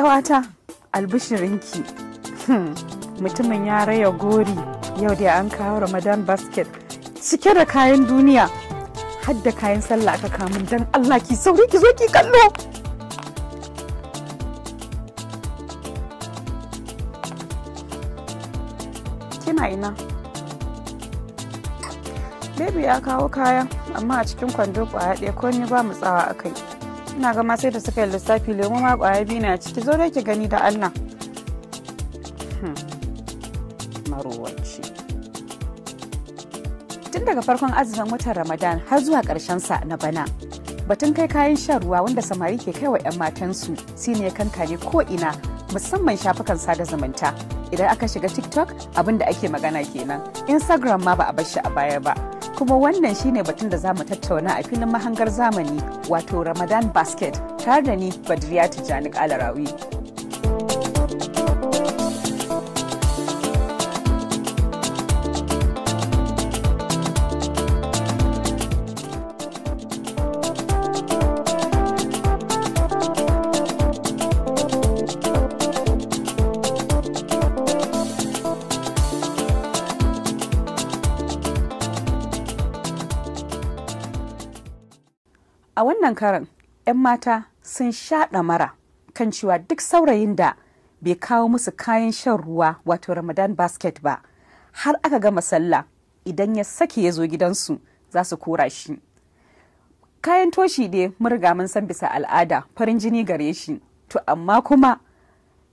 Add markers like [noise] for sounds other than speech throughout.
ƙawata albishirinki hmm, mutumin ya raya gori yau da an kawo ramadan basket cike da kayan duniya har kayan sallah aka kamun don allah ki sauri ki zo ki kallo kina ina Baby ya kawo kayan amma a cikin kwando kwaya ɗaya ko ni ba mu tsawa kai. ina gama sai da suka yi lissafi lemu ma kwaya biyu na ciki zo ki gani da allah hmm. tun daga farkon azumin watan ramadan har zuwa sa na bana batun kai kayan shan ruwa wanda samari ke kai wa 'yan matansu shine ya kankane ko ina musamman shafukan sada zumunta idan aka shiga tiktok abin da ake magana kenan instagram ma ba a bar shi a baya ba kuma wannan shine batun da za mu tattauna a filin mahangar zamani wato Ramadan Basket tare da ni Badriya Tijjani rawi a wannan karan 'yan mata sun shaɗa mara kan cewa duk saurayin da bai kawo musu kayan shan ruwa wato ramadan basket ba har aka gama sallah idan ya sake ya zo gidansu za su kora shi kayan toshi dai murga mun san bisa al'ada farin jini gare shi to amma kuma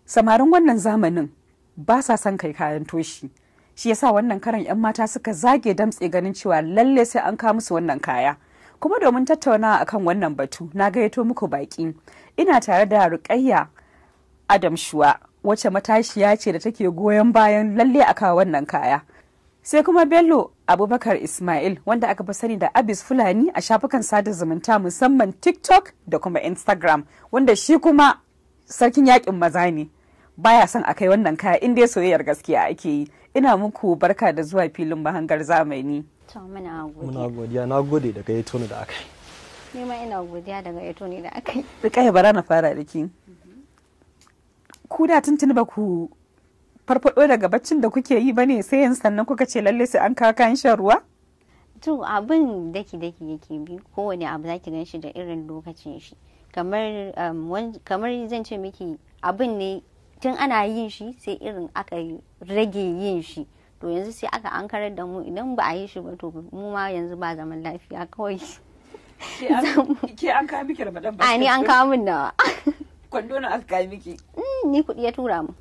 samarin wannan zamanin ba sa son kai kayan toshi shi yasa wannan karan 'yan mata suka zage damtse ganin cewa lalle sai an kawo musu wannan kaya kuma domin tattaunawa akan wannan batu na gayyato muku baƙi ina tare da rukayya adam shuwa wacce matashiya ce da take goyon bayan lalle a kawo wannan kaya sai kuma bello abubakar ismail wanda aka fi sani da abis fulani a shafukan sada zumunta musamman tiktok da kuma instagram wanda shi kuma sarkin yakin maza ne baya son a kai wannan kaya inda soyayyar gaskiya ake yi ina muku barka da zuwa filin mahangar zamani to muna gode muna godiya na gode daga ya tona da aka yi ma ina godiya daga ya tona da aka yi rikaya bara na fara da ki ku da tuntuni ba ku farfado daga baccin da kuke yi bane sai yan sannan kuka ce lalle sai an kawo kayan shan ruwa to abin daki daki yake bi kowane abu zaki gan shi da irin lokacin shi kamar um, kamar zan ce miki abin ne tun ana yin shi sai irin aka rage yin shi to yanzu sai aka ankarar da mu idan ba a yi shi ba to mu ma yanzu ba zaman lafiya kawai ke an [laughs] kawo miki ramadan ba a ni an kawo min nawa [laughs] kwando na aka kawo miki mm, ni kuɗi ya tura mu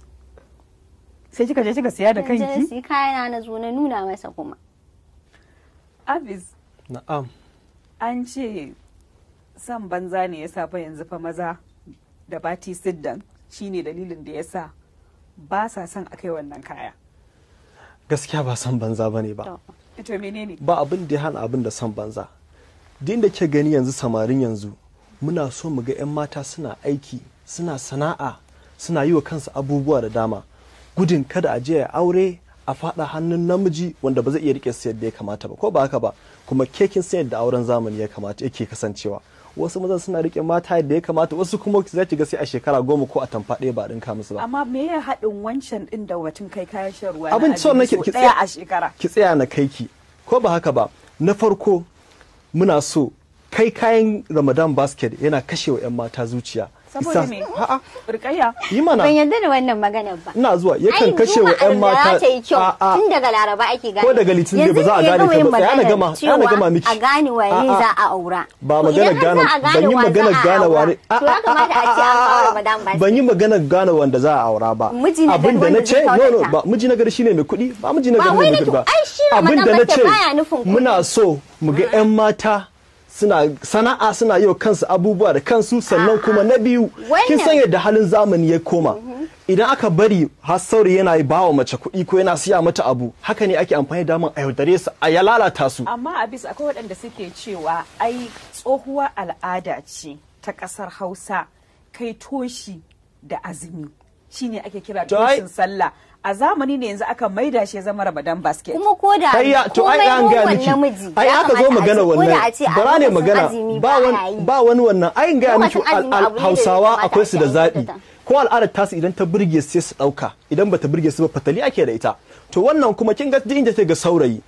sai kika je kika siya da kanki sai sai kayana na zo na nuna masa kuma abis na'am an ce san banza ne ya fa yanzu fa maza da bati siddan shine dalilin da ya sa ba sa son a kai wannan kaya gaskiya ba san banza ba ne ba ba abin da ya hana abin da san banza din da ke gani yanzu samarin yanzu muna so mu ga 'yan mata suna aiki suna sana'a suna yi wa kansu abubuwa da dama gudun kada a je ya aure a fada hannun namiji wanda ba zai iya rike su yadda ya kamata ba ko ba haka ba kuma kekin sayar da auren zamani ya kamata yake kasancewa wasu maza suna rike mata yadda ya kamata wasu kuma za ki ga sai a shekara goma ko a tamfa ɗaya ba ka musu ba amma me ya haɗin wancan ɗin da batun kai kayan shan ruwa abin cewa nake ki tsaya a shekara ki tsaya na kai ki ko ba haka ba na farko muna so kai kayan ramadan basket yana kashewa 'yan mata zuciya saboda me a'a yi mana ban yarda da wannan ba ina zuwa yakan kashe wa ƴan mata ta tun daga laraba ake ko daga litinin ba za a gane ta ba sai ana gama ana gama miki a gane waye za a aura ba magana gane ban yi magana gane wani to ya kamata a ce an fara ba ban yi magana gane wanda za a aura ba abin da na ce no no ba miji na gari shine mai kuɗi ba miji na gari ne mai kuɗi ba na ce muna so mu ga ƴan mata suna sana'a suna yi kansu abubuwa da kansu sannan kuma na biyu kin san yadda halin zamani ya koma mm-hmm. idan aka bari har sauri yana ba wa mace kuɗi ko yana siya mata abu haka ne ake amfani da man a yaudare su a ya lalata su amma a bisa akwai waɗanda suke cewa ai tsohuwa al'ada ce ta ƙasar hausa kai toshi da azumi shine ake kira tosin sallah a zamani ne yanzu aka maida shi zama Ramadan basket kuma ko da to ai an ga miki ai aka zo magana wannan bara ne magana ba wani ba wani wannan ai ga miki Hausawa akwai su da zabi ko al'adar tasu idan ta burge sai su dauka idan ba ta burge su ba fatali ake da ita to wannan kuma kin ga inda ta ga saurayi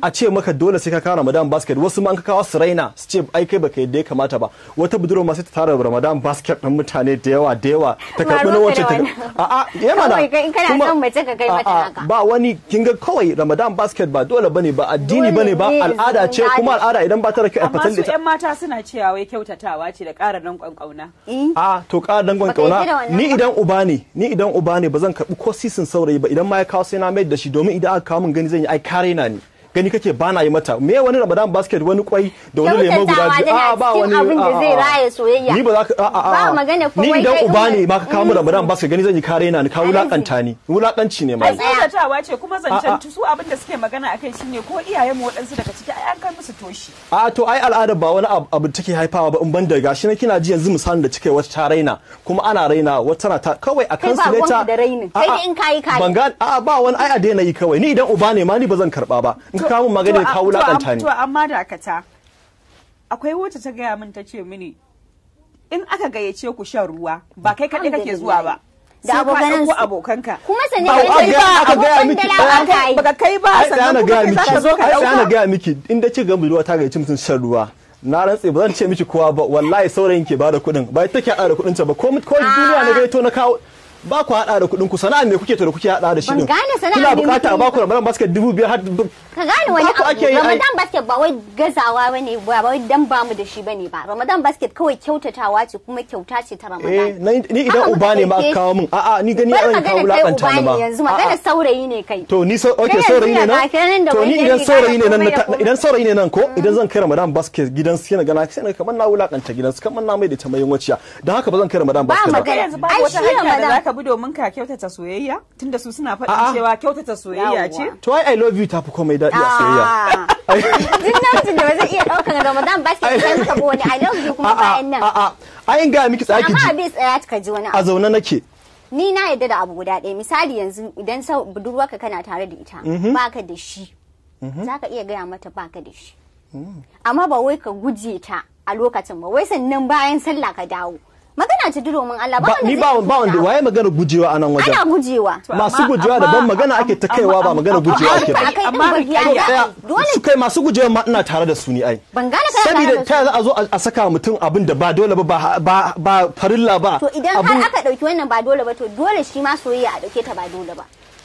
a ce maka dole sai ka kawo ramadan basket wasu ma an ka kawo su raina su ce ai kai baka yadda ya kamata ba wata budurwa ma sai ta tara ramadan basket ɗin mutane da yawa da yawa [laughs] ta karɓi na wacce ta a a yana da kana son mace ka mata ba wani kin ga kawai ramadan basket ba dole bane ba addini bane ba al'ada ce kuma al'ada idan ba ta da a fatan da ita mata suna cewa wai kyautatawa ce da ƙara dangon kauna eh. a to ƙara dangon kauna ni idan uba ne ni idan uba ne ba zan karbi ko sisin saurayi ba idan ma ya kawo sai na mai da shi domin idan aka kawo min gani zan yi ai kare na ni gani kake ba na yi mata me wani ramadan basket wani kwai da wani lemon guda a ba wani abin da zai raye soyayya ni ba za ka a a ba magana ko ni dan uba ne ma ka kawo mu mm. ramadan basket gani zan yi kare na ni kawo lakanta ni wulakanci ne ma tsotatawa ce kuma zancen su abin da suke magana akai shine ko iyayen mu wadansu daga ciki ai an kai musu toshi a to ai al'ada ba wani abu take haifawa ba in ban daga gashi na kina ji yanzu misalin da cike wata ta raina kuma ana raina wata tana ta kawai a kan su ne ta kai in kai kai ban ga a ba wani ai a daina yi kawai ni idan uba ne ma ni ba zan karba ba kawo magana ka wulakanta ni to amma dakata akwai wata ta gaya min ta ce mini in aka gayyace ku shan ruwa ba kai kaɗai kake zuwa ba da abokanan ku abokanka kuma sanin kai ba aka gaya miki ka kai ba sanin ku kai ka zo ka dauka ana gaya miki in da ci gaban ruwa ta gayyace mutum shan ruwa na rantse ba zan ce miki kowa ba wallahi saurayin ke bada kuɗin ba ita take ara kuɗin ta ba ko ko ah. duniya na gaito na kawo ba ku hada da kuɗin ku sana'a me kuke tare da kuke hada da shi ne gane sana'a kuna bukata ba ku ramadan basket dubu biyar har ka gane wani abu ramadan basket ba wai gazawa bane ba wai dan ba mu da shi bane ba ramadan basket kawai kyautatawa ce kuma kyauta ce ta ramadan eh ni idan uba ne ma kawo min a'a ni gani an kawo lakanta ne ma yanzu magana saurayi ne kai to ni okay saurayi ne nan to ni idan saurayi ne nan idan saurayi ne nan ko mm. idan zan kai ramadan basket gidan su na gana sai na kamar na wulakanta gidan kamar na mai da ta mai waciya dan haka ba zan kai ramadan basket ba ba magana ai shi ramadan abu domin ka kyautata soyayya tunda su suna faɗin cewa kyautata soyayya ce to ai i love you tafi komai daɗi a ah. soyayya [laughs] duk namijin da ba zai iya ɗaukar ramadan ba sai kai maka wani i love you kuma bayan nan a'a ga miki tsaki ji amma abin tsaya ka ji wani a zaune nake ni na yadda da abu guda ɗaya misali yanzu idan sau budurwarka kana tare da ita mhm. baka da shi mhm. za ka iya gaya mata baka da shi mm. amma ba wai ka guje ta a lokacin ba wai sannan bayan sallah ka dawo magana duro mun Allah ba ni ba ba wanda waye magana gujewa anan wajen ana gujewa masu gujewa da ban magana ake ta kaiwa ba magana gujewa ake ba amma dole su kai masu gujewa ma ina tare da su ni ai ban gane kai saboda ta za a zo a saka mutum abin da ba dole ba ba ba farilla ba to idan har aka dauki wannan ba dole ba to dole shi ma soyayya a dauke ta ba dole ba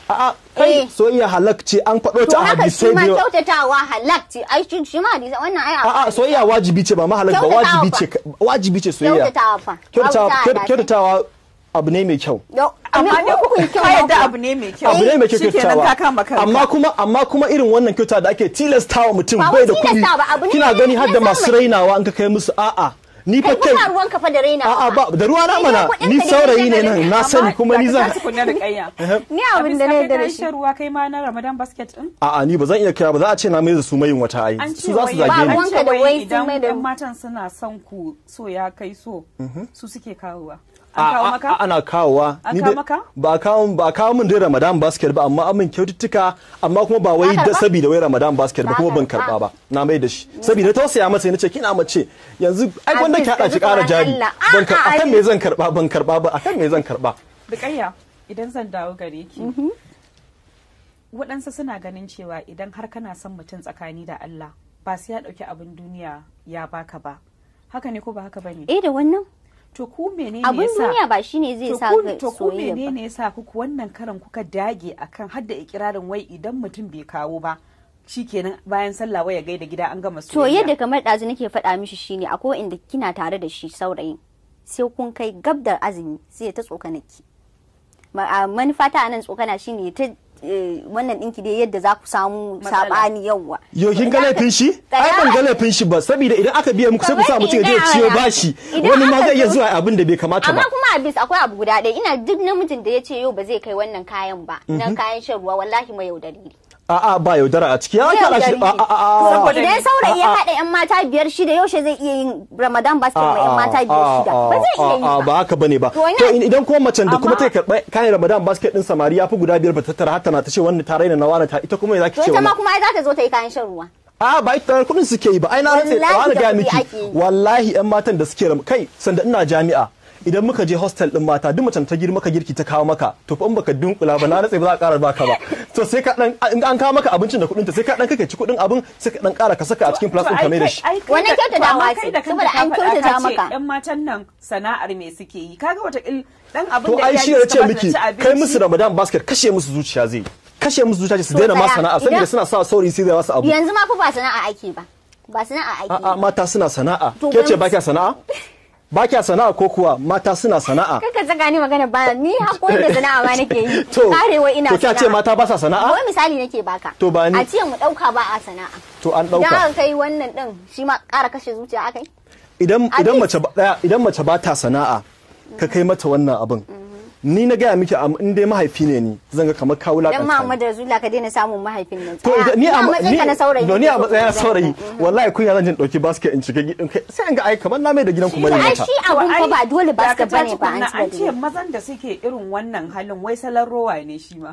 a'a kai eh. soyayya halak ce an faɗo ta a hadisai ne to haka kyautatawa halak ce ai shi shi ma hadisai wannan ai a'a soyayya wajibi ce ba ma halak ba wajibi ce wajibi ce soyayya kyautatawa fa kyautatawa kyautatawa abu ne mai kyau amma ne ku kun kyau yadda abu ne mai kyau abu ne mai kyau kyautatawa amma kuma amma kuma irin wannan kyauta da ake tilastawa mutum bai da kuɗi kina gani har da masu rainawa an ka kai musu a'a ni fa kai fa da raina a'a ba da ruwa na mana ni saurayi ne nan na sani kuma ni zan ni abin da ne da shi ruwa kai ma na Ramadan basket din a'a ni ba zan iya kira ba za a ce na mai su mayin wata ai su za su zage ni ba wanka da wai sun mai da matan suna son ku so ya kai so su suke kawowa ana kawowa ni ba kawo ba kawo min dai Ramadan basket ba amma amin kyaututtuka amma kuma ba wai da saboda wai Ramadan basket ba kuma ban karba ba na mai da shi saboda tausaya masa nace kina mace yanzu ai wanda ki hada ki kara jari ban karba akan me zan karba ban karba ba akan me zan karba bikayya idan zan dawo gare ki mhm. waɗansu suna ganin cewa idan har kana son mutum tsakani da Allah ba sai ya ɗauki abin duniya ya baka ba haka ne ko ba haka ba ne eh da wannan to ku menene abin duniya ba shine zai sa ka to ku menene yasa kuku wannan karan kuka dage akan hadda ikirarin wai idan mutum bai kawo ba shikenan bayan sallah waya gaida gida an gama soyayya to yadda kamar dazu nake faɗa mishi shine akwai inda kina tare da shi saurayin sai kun kai gabdar azumi sai ta tsokana ki manufa ta anan tsokana shine ta Eh, wannan ɗinki dai yadda za ku samu sabani yauwa. Yo kin ga laifin shi? Ai ban ga laifin shi ba saboda idan aka biya muku sai ku sa mutum ya ciyo bashi wani ma zai iya zuwa abin da bai kamata ba. Amma kuma bis akwai abu guda ɗaya ina duk namijin da ya ce yau ba zai kai wannan kayan ba na mhm. kayan shan ruwa wallahi mai yaudari. a'a ba yaudara a ciki ya kaɗa shi a'a idan saurayi ya haɗa yan mata biyar shida yaushe zai iya yin ramadan basket mai yan mata biyar shida ba zai iya yi ba Ba haka bane ba to idan kuma macen da kuma ta karɓa kayan ramadan basket din samari ya fi guda biyar ba ta tara hatta na ta ce wannan ta raina na wani ta ita kuma ya zaki ce wannan ita ma kuma ai za ta zo ta yi kayan shan ruwa a ba ita kudin suke yi ba ai na ce ta wani ga miki wallahi yan matan da suke kai sanda ina jami'a idan muka je hostel din mata duk macen ta girma ka girki ta kawo maka to fa in baka dunkula ba na natsa ba za a ƙara baka ba to sai ka dan in an kawo maka abincin da kuɗin ta sai ka dan kake ci kuɗin abin sai ka dan ƙara ka saka a cikin plastic ka mai da shi wannan kyauta da ma ce saboda an kyauta da maka ɗan matan nan sana'ar me suke yi kaga wata dan abin da ya ce miki kai musu Ramadan basket kashe musu zuciya zai kashe musu zuciya su daina ma sana'a saboda suna sa sauri sai da wasu abu yanzu ma fa ba sana'a ake ba ba sana'a ake a'a mata suna sana'a ke ce ba kya sana'a ba kya sana'a ko kuwa mata suna sana'a kaka tsaka ni magana ba ni hakuri da sana'a ma nake yi [laughs] to karewa ina sana'a to kya ce mata ba sa sana'a wai misali nake baka to ba ni a ce mu dauka ba a sana'a to an dauka dan kai wannan din shi ma ƙara kashe zuciya akai idan idan mace idan mace ba ta sana'a ka kai mata wannan abin ni na gaya miki in dai mahaifi ne ni zan ga kamar kawo lakanta dan Muhammad Rasulullah ka daina samun mahaifin nan to ni a matsayin na saurayi ni a matsayin saurayi wallahi kun zan jin dauki basket in cike gidan kai sai an ga ai kamar na mai da gidan ku bane mata shi abun ko ba dole basket bane ba an ce mazan da suke irin wannan halin wai salon rowa ne shi ma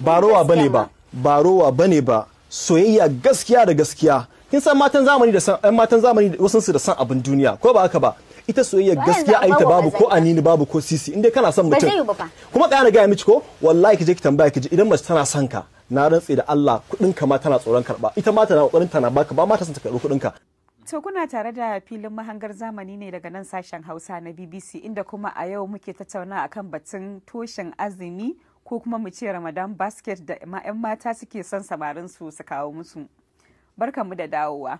ba rowa bane ba ba rowa bane ba soyayya gaskiya da gaskiya kin san matan zamani da san matan zamani wasu su da san abin duniya ko ba haka ba ita soyayya gaskiya a ta babu ko anini babu ko sisi inda kana son mutum kuma tsaya na gaya miki ko wallahi ki ki tambaya kije idan mace tana son ka na rantse da Allah kudin ka ma tana tsoron karba ita ma tana kokarin tana baka ba ma ta son ta karbi kudin ka To kuna tare da filin mahangar zamani ne daga nan sashen Hausa na BBC inda kuma a yau muke tattauna akan batun toshin azumi ko kuma mu ce Ramadan basket da 'yan mata suke son samarin su su kawo musu. barkamu da dawowa.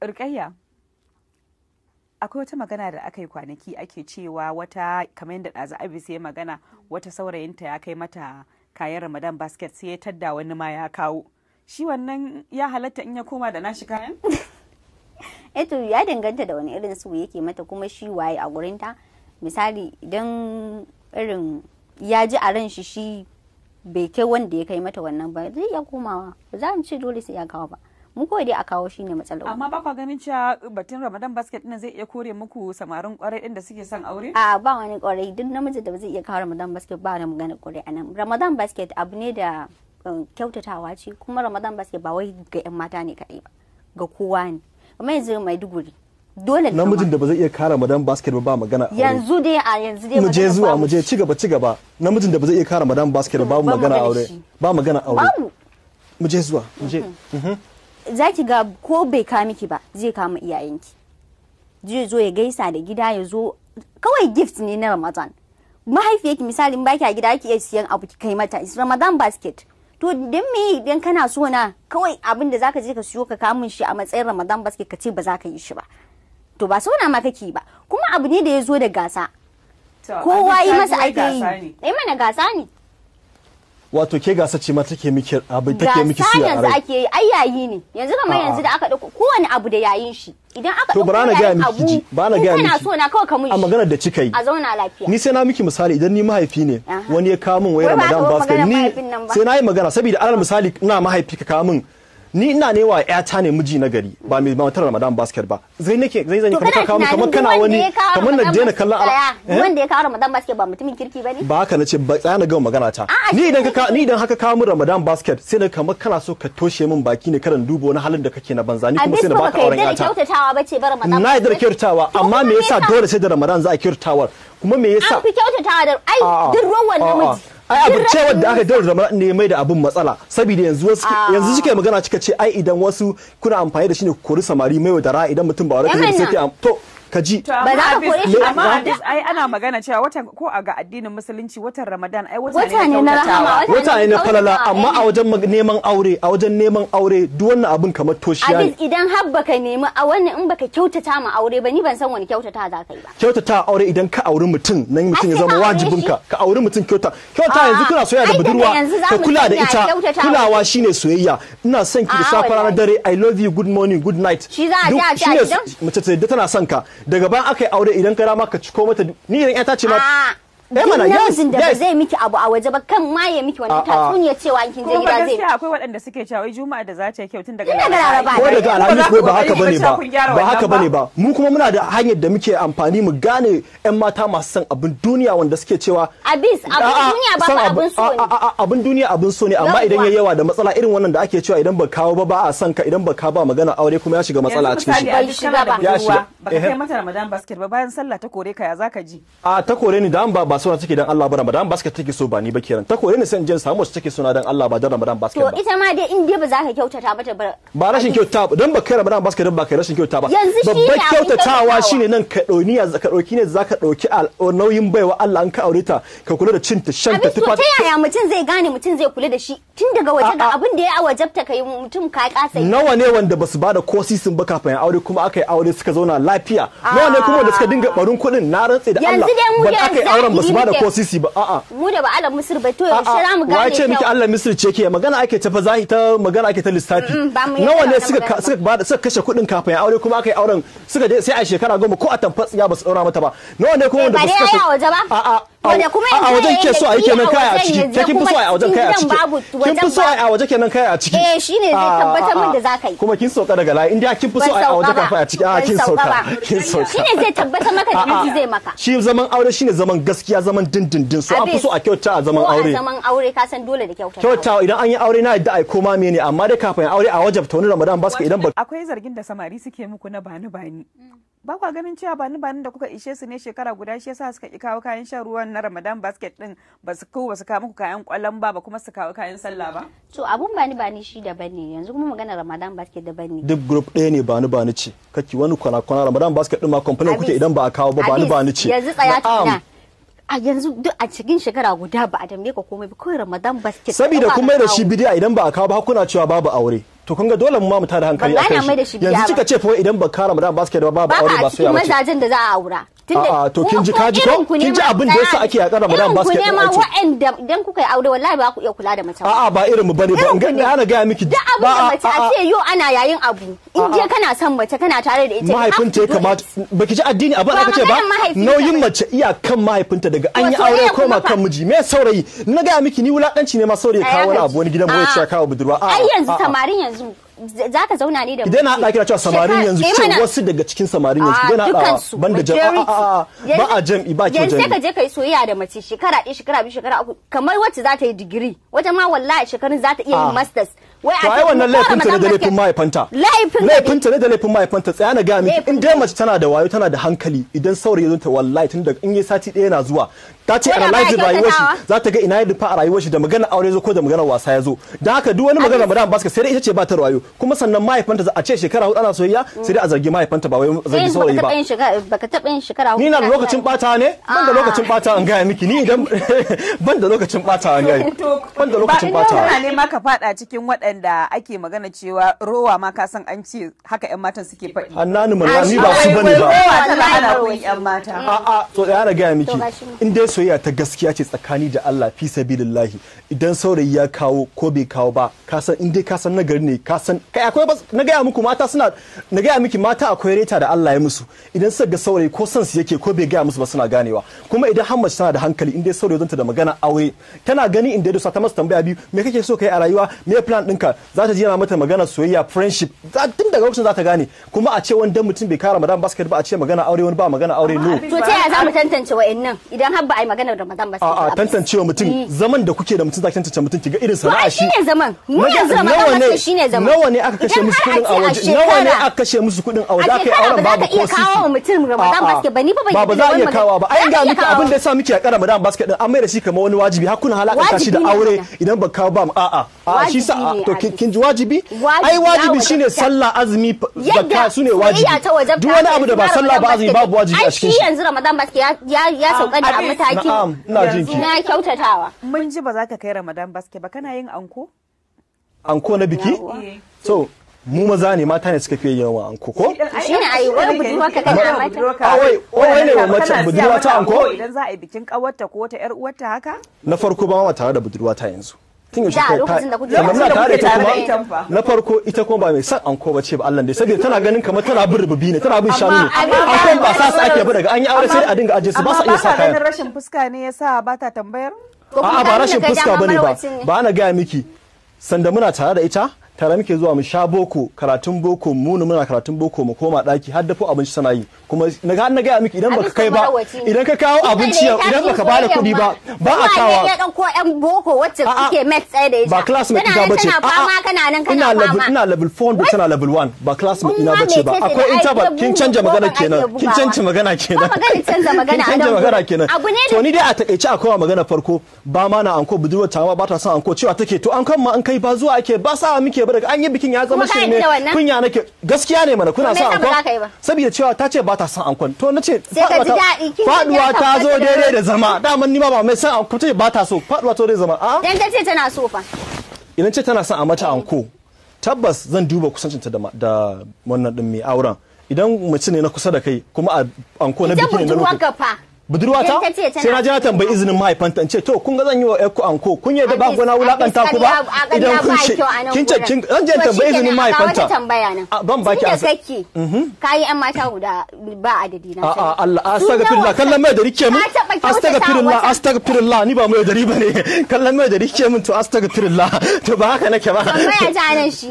Rukayya, akwai wata magana da aka yi kwanaki ake cewa wata kamar yadda ɗazu abis ya magana wata saurayinta ya kai mata kayan ramadan basket sai ya tadda wani ma ya kawo shi wannan ya halatta in ya koma da nashi kayan [laughs] eto ya danganta da wani irin su yake mata kuma shi waye a gurinta misali idan irin ya ji a ran shi shi bai kai wanda ya kai mata wannan ba zai iya komawa ba za mu ce dole sai ya kawo ba mu kawai dai a kawo shine matsalar amma ba kwa ganin cewa batun Ramadan basket din zai iya kore muku samarin kwarai din da suke son aure a ba wani kwarai duk namiji da ba zai iya kawo Ramadan basket ba na magana kwarai nan Ramadan basket abu ne da um, kyautatawa ce kuma Ramadan basket ba wai ga yan mata ne kaɗai ba ga kowa ne kuma yanzu mai dole namijin da ba zai iya kare madan basket ba magana aure yanzu dai a yanzu dai mu je zuwa mu je cigaba cigaba namijin da ba zai iya kare madan basket ba magana aure ba magana aure mu je zuwa mu je mm-hmm. Mm-hmm. za ki ga ko bai ka miki ba zai kama iyayenki zai zo ya gaisa da gida ya zo kawai gift ne na ramadan mahaifiyarki misalin baki a gida ki iya siyan abu ki kai mata is ramadan basket to don me idan kana so na kawai abin da zaka je ka siyo ka kama shi a matsayin ramadan basket ka ce ba za ka yi shi ba to ba sauna ma kake ba kuma abu ne da ya zo da gasa kowa yi masa ake yi mana gasa ne wato ke gasa ce ma take miki abin take miki su ya yanzu ake yi ai yayi ne yanzu kamar yanzu da aka dauko kowane abu da yayin shi idan aka to bara na ga miki ji ba na ga miki kana so na kawai ka mun a magana da cika yi a zauna lafiya ni sai na miki misali idan ni mahaifi ne wani ya kawo min wayar Ramadan basket ni sai na yi magana saboda alal misali ina mahaifi ka kawo min ni ina ne wa ƴata ne miji na gari ba mai matar Ramadan basket ba zai nake zai zan kamar ka kamar kana wani kamar na daina kallon ala wanda eh? ya kawo Ramadan basket ba mutumin kirki ba ne. ba haka nace ba tsaya na ga magana ta ni idan ka ni idan haka kawo mu Ramadan basket sai na kamar kana so ka toshe min baki ne karan dubo na halin da kake na banza ni kuma sai na baka auren ƴata na yi ba Ramadan na yadda kyautatawa amma me yasa dole sai da Ramadan za a kyautatawar kuma me yasa an fi kyautatawa da ai duk ruwan namiji ai abin cewar da aka daura ramadan ne mai da abin matsala saboda yanzu ah. yanzu suke magana cika ce ai idan wasu kuna amfani da shi ne ku kori samari mai da ra'a idan mutum ba wani kai sai to ka ji ba za ka kore shi amma hadis ai ana magana cewa watan ko a ga addinin musulunci watan ramadan ai wata ne na rahama wata ne na falala eh. amma a wajen neman aure a wajen neman aure duk wannan abin kamar toshiya ne idan har baka nemi a wannan in baka kyautata ma aure ba ni ban san wani kyautata za ka yi ba kyautata aure idan ka auri mutum nan mutum ya zama wajibin ka ka auri mutum kyauta kyauta yanzu kuna soyayya da budurwa ka kula da ita kulawa shine soyayya ina son ki da safa na dare i love you good morning good night shi za a a mace ta tana son ka daga ban aka yi aure idan ka rama ka ciko mata ni idan yata ce ma namijin da ba zai miki abu a waje ba kan ma ya miki wani tatsuniya cewa kin je gida zai kuma akwai waɗanda suke cewa juma'a da za ta yi kyau tun daga laraba ko daga alhamis ko ba haka bane ba ba haka bane ba mu kuma muna da hanyar da muke amfani mu gane yan mata masu son abin duniya wanda suke cewa abis abin duniya ba abin so ne abin duniya abin so ne amma idan ya yawa da matsala irin wannan da ake cewa idan ba kawo ba ba a son ka idan ba ka ba magana aure kuma ya shiga matsala a cikin shi ya shiga ba ka kai mata ramadan basket ba bayan sallah ta kore ka ya zaka ji a ta kore ni da an ba ba suna take dan Allah ba Ramadan basket take so ba ni ba kiran ta kore ni san jin samu take suna dan Allah ba dan Ramadan basket ba to ita ma dai in dai ba za ka kyautata mata ba ba rashin kyauta dan ba kai Ramadan basket ba kai rashin kyauta ba babba kyautatawa shine nan ka dauni ka dauki ne za ka dauki nauyin baiwa Allah an ka aure ta ka kula da cinta shanta tufa ta yaya mutum zai gane mutum zai kula da shi tun daga waje ga abin da ya a wajabta kai mutum ka kasa nawa ne wanda basu bada ko sisin ba kafin ya aure kuma aka yi aure suka zauna lafiya nawa ne kuma wanda suka dinga barin kuɗin na rantse da Allah ba aka yi auren basu bada ko sisi ba a'a mu da ba Allah Misir ba to yaushe za mu gane wace miki Allah Misir ce ke magana ake ta zahi ta magana ake ta lissafi mm, mm, nawa ne suka suka bada suka kashe kuɗin kafin ya aure kuma aka yi auren suka je sai a shekara goma ko a tamfatsiya basu daura mata ba nawa ne kuma eh, wanda basu kashe a'a a wajen ke so a yi kenan kai a ciki kin fi so a wajen kai a ciki kin fi so ai a waje kenan kai a ciki eh shine zai ah, tabbatar min da ah, zaka yi kuma kin sauka daga layi in dai kin fi so ai a waje kafin a ciki a ah, kin sauka kin sauka shine zai tabbatar maka da miji zai maka shi zaman aure shine zaman gaskiya zaman dindindin so an fi so a kyauta a zaman aure zaman aure ka san dole da kyauta kyauta idan an yi aure na yadda ai koma mene amma dai kafin aure a wajabta wani Ramadan ba su idan ba akwai zargin da samari suke muku na bani bani ba kwa ganin cewa bani bani da kuka ishe su ne shekara guda shi yasa suka ki kawo kayan shan ruwan na Ramadan basket din ba su kawo ba su kawo muku kayan kwallon ba ba kuma su kawo kayan sallah ba to abun bani bani shi daban ne yanzu kuma magana Ramadan basket daban ne duk group ɗaya ne bani bani ce kake wani kwana kwana Ramadan basket din ma complain kuke idan ba a kawo ba bani bani ce yanzu tsaya na a yanzu duk a cikin shekara guda ba a dame ka komai ba kawai Ramadan basket saboda kun da shi bidiya idan ba a kawo ba kuna cewa babu aure to kun ga dole mu ma mu tada hankali a kai yanzu kika ce fa idan ba kara madan basket ba babu aure ba soyayya ba mazajin da za a aura a to kin ji kaji ko kin ji abin da yasa ake yakar madan basket ku ne ma wa'anda idan kuka yi aure wallahi ba ku iya kula da mace a'a ba irin mu bane ba in ga ana ga miki da abin da mace a ce yo ana yayin abu in je kana son mace kana tare da ita mahaifinta ya kamata baki ji addini abin aka ce ba nauyin mace iya kan mahaifinta daga an yi aure koma kan miji me saurayi na ga miki ni wulakanci ne ma saurayi kawo wani abu wani gidan mu ya kawo budurwa a ai yanzu samarin yanzu yanzu za ta zauna ne da mu idan haɗa kira cewa samarin yanzu ce wasu daga cikin samarin yanzu idan haɗa banda jama'a ba a jam'i ba ki yanzu sai ka je kai soyayya da mace shekara ɗaya shekara biyu shekara uku kamar wacce za ta yi digiri wata ma wallahi shekarun za ta iya yin masters wai a wannan laifin ta ne da laifin mahaifanta laifin ta ne da laifin mahaifanta tsaya na ga miki in dai mace tana da wayo tana da hankali idan saurayi ya zo ta wallahi tun da in yi sati ɗaya na zuwa ta ce analyze rayuwar shi za ta ga ina yadda fa a rayuwar shi da magana aure zo ko da magana wasa ya zo da haka duk wani magana madan basket sai dai ita ce ba ta rayu kuma sannan mahaifanta a ce shekara hudu ana soyayya sai dai a zargi mahaifanta ba wai zargi eh, saurayi ba baka taɓa yin shekara hudu ni na da lokacin bata ne ban da ah. lokacin bata an gaya miki ni idan [laughs] ban da lokacin bata an gaya [laughs] ban da lokacin bata ba ne ma ka fada cikin waɗanda ake magana cewa rowa ma ka san an ce haka yan matan suke faɗi annani mallami ba ah, su bane ba a'a to ya ga miki in dai soyayya ta gaskiya ce tsakani da Allah fi sabilillahi idan saurayi ya kawo ko bai kawo ba ka san in dai ka san nagari ne ka san kai akwai na gaya muku mata suna na gaya miki mata akwai reta da Allah ya musu idan suka ga saurayi ko san su yake ko bai gaya musu ba suna ganewa kuma idan har mace tana da hankali in dai saurayi zanta da magana aure tana gani inda dusa ta masa tambaya biyu me kake so kai a rayuwa me plan ɗinka za ta ji yana mata magana soyayya friendship za tun daga lokacin za ta gane kuma a ce wani dan mutum bai kara madan basket ba a ce magana aure wani ba magana aure no to ta yaya za mu tantance wa'annan idan har ba a magana da Ramadan ba sai a tantancewa mutum mm. zaman da kuke da mutum zaki tantance mutum kiga irin sana'a shi shine zaman mu yanzu Ramadan ba shine zaman nawa ne aka kashe musu kudin a waje nawa ne aka kashe musu kudin a waje aka yi auren babu ko sisi kawo mutum Ramadan basket ba ni ba ba za iya kawo ba ai ga miki abin da yasa miki a kara Ramadan basket din an mai da shi kamar wani wajibi har kuna halaka shi da aure idan ba kawo ba a'a a shi sa to kin ji wajibi ai wajibi shine sallah azumi zakka sune wajibi duk wani abu da ba sallah ba azumi babu wajibi a cikin shi yanzu Ramadan basket ya ya sauka da mutane na'am ina jin ki na kyautatawa mun ji ba za ka kai ramadan basket ba kana yin anko anko na biki so mu maza ne mata ne suka fiye yin wa anko ko shine ai wani budurwa ka kana mata ah, wai wai ne wa mace budurwa ta anko idan za a yi bikin kawarta ko wata ƴar uwarta haka na farko ba ma tare da budurwa ta yanzu tun yaushe kai tare ta kuma na farko ita kuma ba mai san anko ba ce ba Allah dai saboda tana ganin kamar tana bin rububi ne tana bin shanu ne akan ba sa su ake ba daga an yi aure sai a dinga aje su ba sa iya sa kayan amma rashin fuska ne yasa ba ta tambayar a'a ba rashin fuska bane ba ba na gaya miki sanda muna tare da ita tare muke zuwa mu sha boko karatun boko mu muna karatun boko mu koma daki har dafo abinci sana yi kuma na ga na ga miki idan baka kai ba idan ka kawo abinci idan baka ba da kuɗi ba ba a kawa ba dan ko ɗan boko wacce suke met tsaye da ita ba class mate ina bace a'a kana nan kana ina level ina level 4 da tana level 1 ba class mate ina bace ba akwai interval kin canja magana kenan kin canja magana kenan magana canza magana kin canja magana kenan to ni dai a takeice akwai magana farko ba ma na anko budurwa ta ba ta son anko cewa take to an kan ma an kai ba zuwa ake ba sa miki ba daga an yi bikin ya zama shi ne kunya nake gaskiya ne mana kuna son ankon saboda cewa ta ce ba ta son ankon to nace faduwa ta zo daidai da zama daman ni ma ba mai son ankon ta ce ba ta so faduwa to daidai zama a dan ta ce tana so fa idan ce tana son a mata anko tabbas zan duba kusancinta da wannan din mai auren idan mace ne na kusa da kai kuma anko na biki ne na lokaci budurwata sai na je na tambayi izinin mahaifanta in ce to kun ga zan yi wa an ko kun yadda ba gona wulaƙanta wulakanta ku ba idan kun ce kin ce kin zan je tambayi izinin mahaifanta ban baki asa kake mhm. kai an mata guda ba adadi na a Allah astaghfirullah kallan mai da rike mu astaghfirullah astaghfirullah ni ba mai riba bane [laughs] kallan mai da rike mu to astaghfirullah [laughs] to ba haka nake ba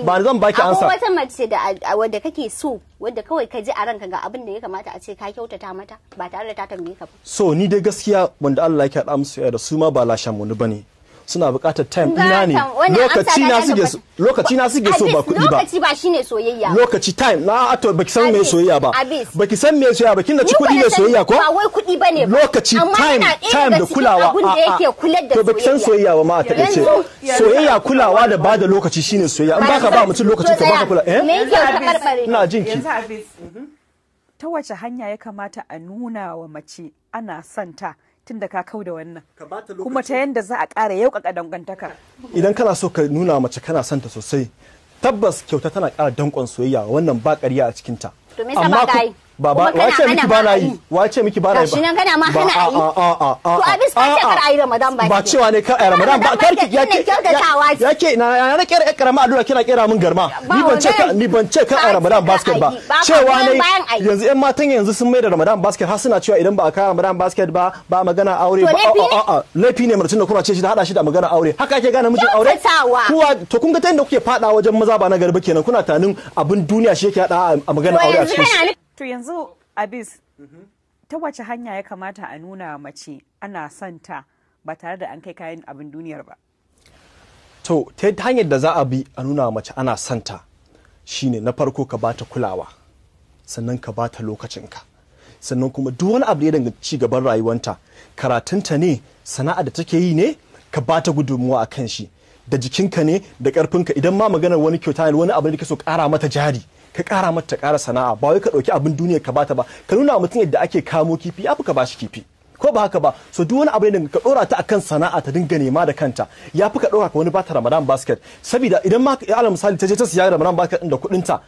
ba zan baki ansa akwai wata mace da wadda kake so wadda kawai ka ji a ranka ga abin da ya kamata a ce ka kyautata mata ba tare da ta tambaye ka ba so ni dai gaskiya wanda Allah ya kaɗa musu ya da su ma ba lashen wani bane suna buƙatar time ina ne lokaci na suke lokaci na suke so ba kuɗi ba lokaci ba shine soyayya lokaci time na ato ah, baki san me soyayya ba baki san me soyayya ba kin da ci kuɗi ne soyayya ko ba wai kuɗi bane ba lokaci time time da kulawa ah, ah, to baki san soyayya ba ma a ce soyayya kulawa da bada lokaci shine soyayya in baka ba mutum lokaci ka baka kula eh ina ki. Mhm. ta wace hanya ya kamata a nuna wa mace ana santa tun da ka kau da wannan kuma ta yadda za a ƙara yauƙaƙa dangantaka idan kana so ka nuna mace kana son ta sosai tabbas kyauta tana ƙara dankon soyayya wannan ba ƙarya a cikinta amma baba wace miki bana yi wace miki bana yi ba nan kana ma hana yi to abis ka ce kar ayi ramadan ba ba cewa ne kar ayi ramadan ba kar ki yake yake na na kera yar karama allura kina kera min garma ni ban ce ni ban ce kar ayi ramadan basket ba cewa ne yanzu yan matan yanzu sun mai da ramadan basket har suna cewa idan ba a kai ramadan basket ba ba magana aure ba a a laifi ne mutum da kuma ce shi da hada shi da magana aure haka ake gane mijin aure kuwa to kun ga ta da kuke fada wajen maza ba na garba kenan kuna tanin abin duniya shi yake hada a magana aure a cikin to yanzu abis ta wace hanya ya kamata a nuna mace ana son ta ba tare da an kai kayan abin duniyar ba to ta hanyar da za a bi a nuna mace ana son ta shine na farko ka bata kulawa sannan ka bata lokacinka sannan kuma duk wani abu da ya ci gaban rayuwanta karatunta ne sana'a da take yi ne ka bata gudunmuwa a kan shi da jikinka ne da karfinka idan ma maganar wani kyauta ne wani abu da ka so kara mata jari ka kara mata ta kara sana'a ba wai ka dauki abin duniya ka bata ba ka nuna mutum yadda ake kamo kifi ya ka bashi kifi ko ba haka ba so duk wani abu ne ka dora ta akan sana'a ta dinga nema da kanta ya fi ka dora ka wani bata Ramadan basket saboda idan ma ala misali ta je ta siya Ramadan basket din da kudin ta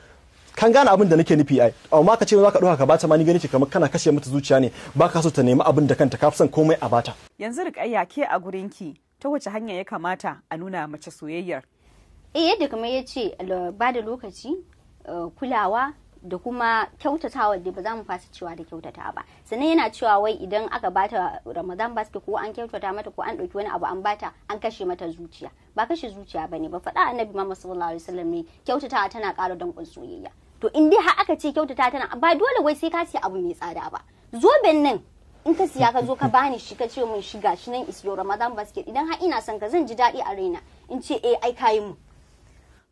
kan gane abin da nake nufi ai amma ka ce za ka ɗauka ka bata ma ni gani ke kamar kana kashe mata zuciya ne ba ka so ta nemi abin da kanta ka fi son komai a bata yanzu rikayya ke a gurin ki ta wace hanya ya kamata a nuna mace soyayyar eh yadda kamar ya ce ba da lokaci Eh, kulawa da kuma kyautatawa da ba za mu fasa cewa da kyautata ba sannan yana cewa wai idan aka bata ramadan basket ko an kyautata mata ko an ɗauki wani abu an bata an kashe mata zuciya ba kashe zuciya ba ne ba faɗa annabi muhammad sallallahu alaihi wasallam ne kyautatawa tana ƙara danƙon soyayya to in dai har aka ce kyautata tana ba dole wai sai ka siya abu mai tsada ba zoben nan in ka siya ka zo ka bani shi ka ce mun shiga shi nan isiyo ramadan basket idan har ina son ka zan ji daɗi a raina in ce eh ai kayi mu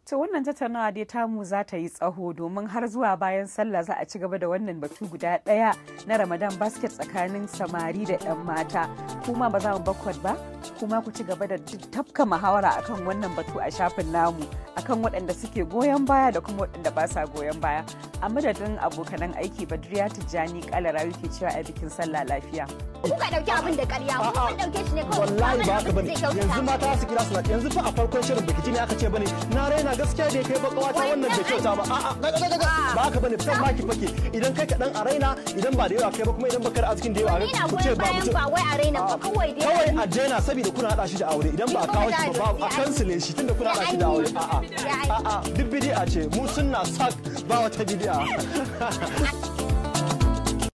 To wannan tattaunawa dai tamu za ta yi tsaho domin har zuwa bayan sallah za a ci gaba da wannan batu guda ɗaya na Ramadan basket tsakanin samari da 'yan mata. Kuma ba za mu bakwat ba, kuma ku ci gaba da tafka muhawara akan wannan batu a shafin namu akan waɗanda suke goyon baya da kuma waɗanda ba sa goyon baya. A madadin abokanan aiki Badriya Tijjani rayu ke cewa a bikin sallah lafiya. Kuka ɗauki abin da ƙarya, kuka ɗauke shi ne kawai. Wallahi ba ka bane. Yanzu mata su kira su yanzu fa a farkon shirin biki ne aka ce bane na raina gaskiya bai kai bakawa ta wannan da kyauta ba a'a ba haka bane fitan baki fake idan kai kaɗan a raina idan ba da yawa kai ba kuma idan baka da arzikin da yawa a ku ce ba ce ba wai a raina ba kawai dai kawai a jena saboda kuna hada shi da aure idan ba a kawo shi ba a kansile shi tunda kuna hada shi da aure a'a a'a duk bidi'a ce mu sunna sak ba wata bidi'a